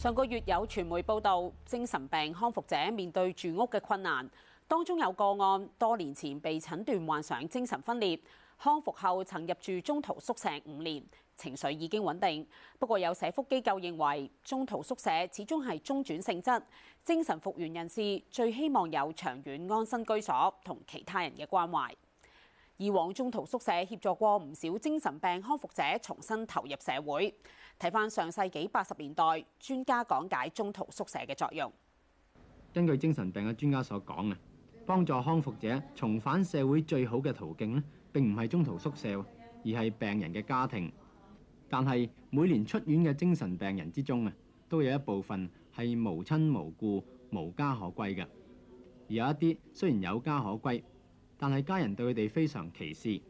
上個月有傳媒報導，精神病康復者面對住屋嘅困難，當中有個案多年前被診斷患上精神分裂，康復後曾入住中途宿舍五年，情緒已經穩定。不過有社福機構認為，中途宿舍始終係中轉性質，精神復原人士最希望有長遠安身居所同其他人嘅關懷。以往中途宿舍協助過唔少精神病康復者重新投入社會。睇翻上世紀八十年代專家講解中途宿舍嘅作用。根據精神病嘅專家所講嘅，幫助康復者重返社會最好嘅途徑呢，並唔係中途宿舍，而係病人嘅家庭。但係每年出院嘅精神病人之中啊，都有一部分係無親無故、無家可歸嘅。而有一啲雖然有家可歸，但係家人對佢哋非常歧視。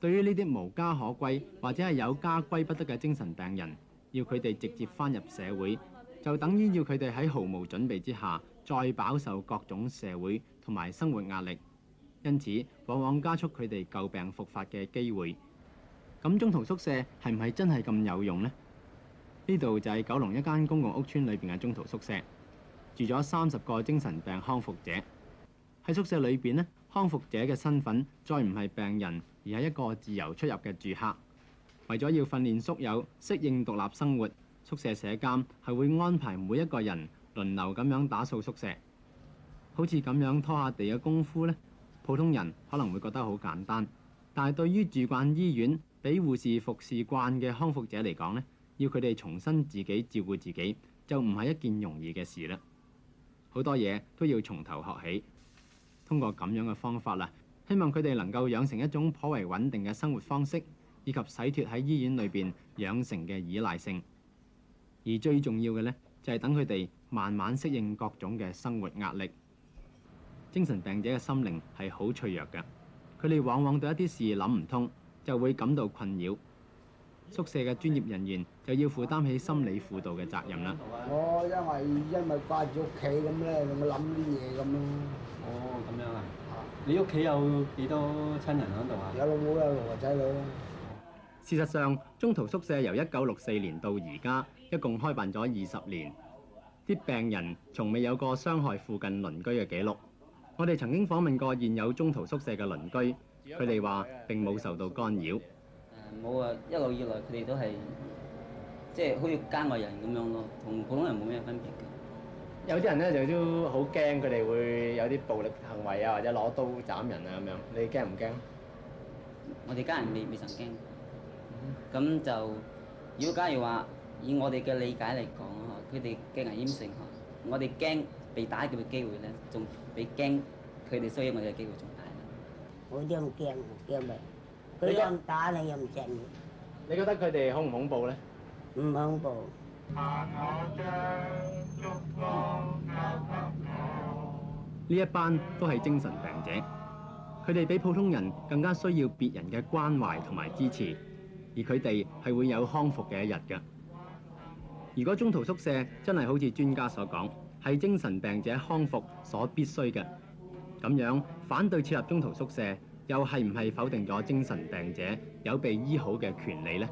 對於呢啲無家可歸或者係有家歸不得嘅精神病人，要佢哋直接返入社會，就等於要佢哋喺毫無準備之下，再飽受各種社會同埋生活壓力，因此往往加速佢哋舊病復發嘅機會。咁中途宿舍係唔係真係咁有用呢？呢度就係九龍一間公共屋邨裏邊嘅中途宿舍，住咗三十個精神病康復者喺宿舍裏邊呢。康復者嘅身份再唔係病人，而係一個自由出入嘅住客。為咗要訓練宿友適應獨立生活，宿舍舍監係會安排每一個人輪流咁樣打掃宿舍。好似咁樣拖下地嘅功夫呢，普通人可能會覺得好簡單，但係對於住慣醫院、俾護士服侍慣嘅康復者嚟講呢，要佢哋重新自己照顧自己，就唔係一件容易嘅事啦。好多嘢都要從頭學起。通過咁樣嘅方法啦，希望佢哋能夠養成一種頗為穩定嘅生活方式，以及洗脫喺醫院裏邊養成嘅依賴性。而最重要嘅呢，就係等佢哋慢慢適應各種嘅生活壓力。精神病者嘅心靈係好脆弱嘅，佢哋往往對一啲事諗唔通，就會感到困擾。宿舍嘅專業人員就要負擔起心理輔導嘅責任啦。我因為因為掛住屋企咁咧，咁諗啲嘢咁咯。哦，咁樣啦。你屋企有幾多親人喺度啊？有老母，有老婆仔女。嗯。事實上，中途宿舍由一九六四年到而家，一共開辦咗二十年，啲病人從未有過傷害附近鄰居嘅記錄。我哋曾經訪問過現有中途宿舍嘅鄰居，佢哋話並冇受到干擾。冇啊！一路以來佢哋都係即係好似家外人咁樣咯，同普通人冇咩分別嘅。有啲人咧就都好驚，佢哋會有啲暴力行為啊，或者攞刀斬人啊咁樣。你驚唔驚？我哋家人未未曾驚。咁就如果假如話，以我哋嘅理解嚟講啊，佢哋嘅危險性啊，我哋驚被打劫嘅機會咧，仲比驚佢哋傷我哋嘅機會仲大。我啲唔驚，驚咩？佢又唔打你又唔靜。你覺得佢哋恐唔恐怖呢？唔恐怖。呢一班都係精神病者，佢哋比普通人更加需要別人嘅關懷同埋支持，而佢哋係會有康復嘅一日㗎。如果中途宿舍真係好似專家所講，係精神病者康復所必須嘅，咁樣反對設立中途宿舍。又係唔係否定咗精神病者有被醫好嘅權利呢？